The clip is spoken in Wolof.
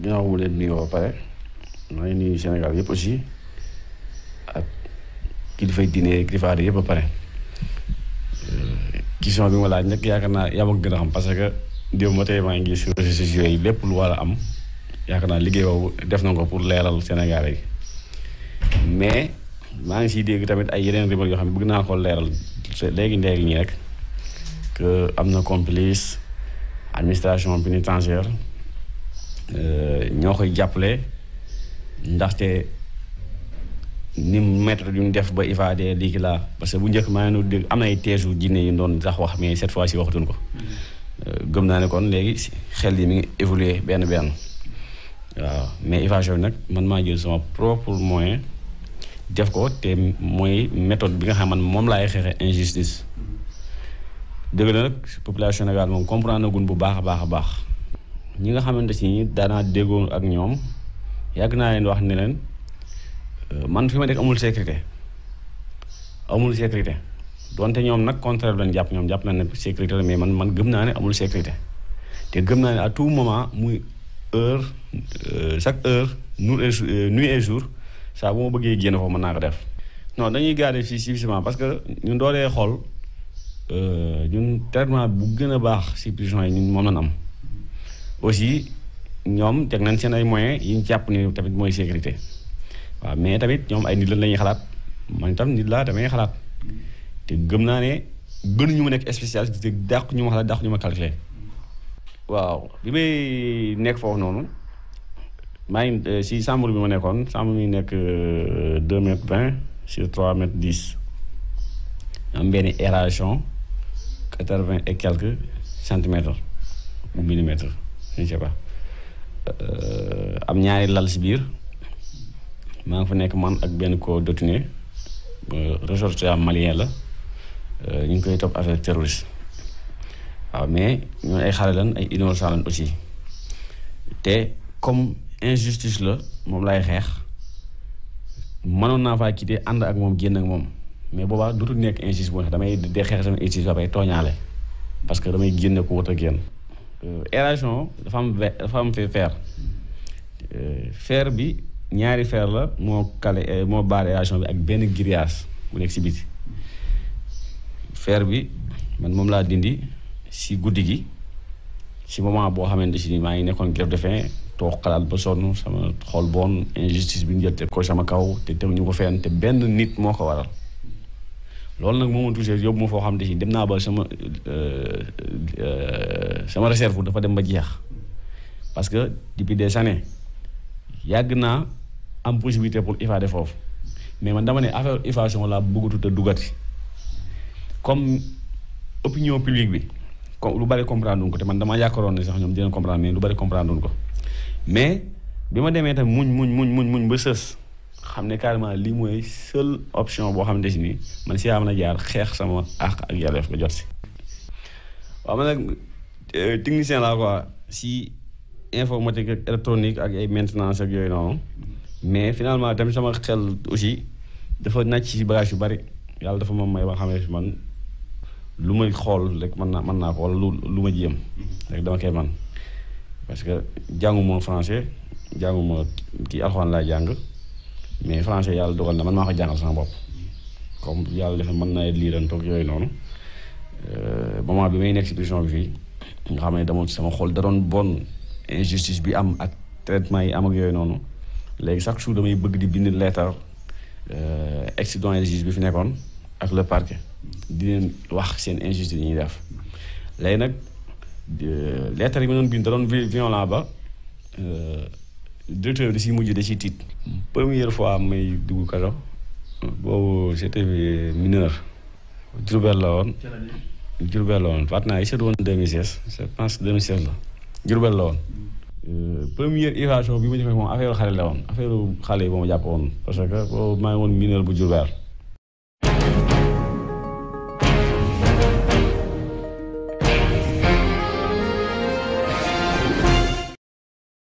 ginnaaw mu leen nuyoo ba pare maa ngi nuyu Sénégal yëpp aussi ak kilifa diine kilifa aada yëpp ba pare question bi ma laaj nag yaakaar naa yaa gën a xam parce que démb ba maa ngi sur yi lépp lu war am yaakaar naa liggéey boobu def na ko pour leeral Sénégal yi mais maa ngi si dégg tamit ay yeneen rumeur yoo xam ne bëgg naa ko leeral léegi léegi nii rek que am na complice administration pénitentiaire Euh, ñoo koy jàppale ndaxte ni maître yu ñu def ba évadé lii laa parce que bu njëkk maa ngi dégg am na ay teesu jinne yu doon sax wax mais cette fois ci waxatuñ ko euh, gëm naa ne kon léegi xel yi mi ngi évolué benn benn waaw mais évasion bi nag man maa jël sama propre moyen def ko te mooy méthode bi nga xam man moom laay xeexee injustice dëgg la nag population Sénégal moom comprendre na gun bu baax a baax a baax. ñi nga xamante si daanaa déggoon ak ñoom yàgg naa leen wax ne leen euh, man fi ma nekk amul sécurité amul sécurité donte ñoom nag contraire lañ jàpp ñoom jàpp naa ne sécurité la mais man man gëm naa ne amul sécurité te gëm naa ne à tout moment muy heure euh, chaque heure nu es jours saa bu ma bëggee génn foofu mën naa ko def. non dañuy garder fii suffisamment parce que ñu ndoolee xool euh, ñu traitement bu gën a baax si prison yi ñu moom lañ am. aussi ñoom teg nañ seen ay moyen yi ñu jàpp ni tamit mooy sécurité waaw mais tamit ñoom ay nit lan la ñuy xalaat man tam nit laa damay xalaat te gëm naa ne gënuñu ma nekk spécialiste te dàq ñu ma xalaat dàq ñu ma calculer waaw bi may nekk foofu noonu maa ngi euh, si chambre bi ma nekkoon chambre mi nekk euh, deux mètres vingt sur trois mètres dix am benn aération quatre-vingt et quelques centimètres ou millimètres je ne sais am ñaari lal si biir maa ngi fa nekk man ak benn ko dotine euh, ressortissant malien la euh, ñu ngi koy topp affaire terroriste waaw mais ñoo ay xale lan ay innocent lan te comme injustice la moom laay xeex mënoon naa faa quitté ànd ak moom génn ak moom mais boobaa dootul nekk injustice bu damay dee xeex sama injustice ba pare tooñaale parce que damay génn ko wut a génn aération euh, dafa am ver dafa am euh, bi ñaari feer la moo kale euh, moo baar aération bi ak benn grillage bu nekk si biti fer bi man moom laa dindi si guddi gi si moment boo xamante si ni maa ngi nekkoon grève de faim toog xalaat ba sonn sama xol boon injustice bi ñu jël teg ko sama kaw te teguñu ko fenn te benn nit moo ko waral loolu nag moom ma touché yóbbu ma foo xam ne si dem naa ba sama euh, euh, sama réserve dafa dem ba jeex parce que depuis des années yàgg naa am possibilité pour ifaade foofu mais man dama ne affaire iffasion laa bëggatut a dugati comme opinion publique bi comme lu bari comprendre ko te man damaa yaakaaroon ne sax ñoom dinañ comprendre mais lu bari comprendre ko mais bi ma demee tam muñ muñ muñ muñ muñ ba sës. xam ne carrément lii mooy seule option boo xam xamante si ni man si am na a jaar xeex sama àq ak yelleef ba jot si. waaw man nag euh, technicien laa quoi si informatique ak électronique ak ay maintenance ak yooyu noonu mais finalement tamit sama xel aussi dafa nàcc si bagage yu bari yàlla dafa ma may ba xamee man lu may xool rek mën naa mën naa ko wala lu lu ma jéem rek dama koy man parce que jànguma français jànguma kii alxuraan laa jàng. mais français yàlla dogal na man maa ko jàngal sama bopp comme yàlla def mën naa liiran toog yooyu noonu euh, moment bi may nekk si bi fii nga xam ne dama sama xol da bon injustice bi am ak traitement yi am ak yooyu noonu léegi chaque jour damay bëgg di bind leetar accident et justice bi fi nekkoon ak le parquet di leen wax seen injustice ñuy def léegi nag euh, leetar yi ma doon bind da doon violent ba euh, directeur bi si mujj da si tiit première fois may dugg kaso boobu j'étais mineur Diourbel la woon Diourbel la woon faat naa gisatu woon 2016 je pense 2016 la Diourbel la woon euh, première évasion bi mu defee moom affaire xale la woon affaire xale yi moo jàpp woon parce que boobu maa ngi woon mineur bu Diourbel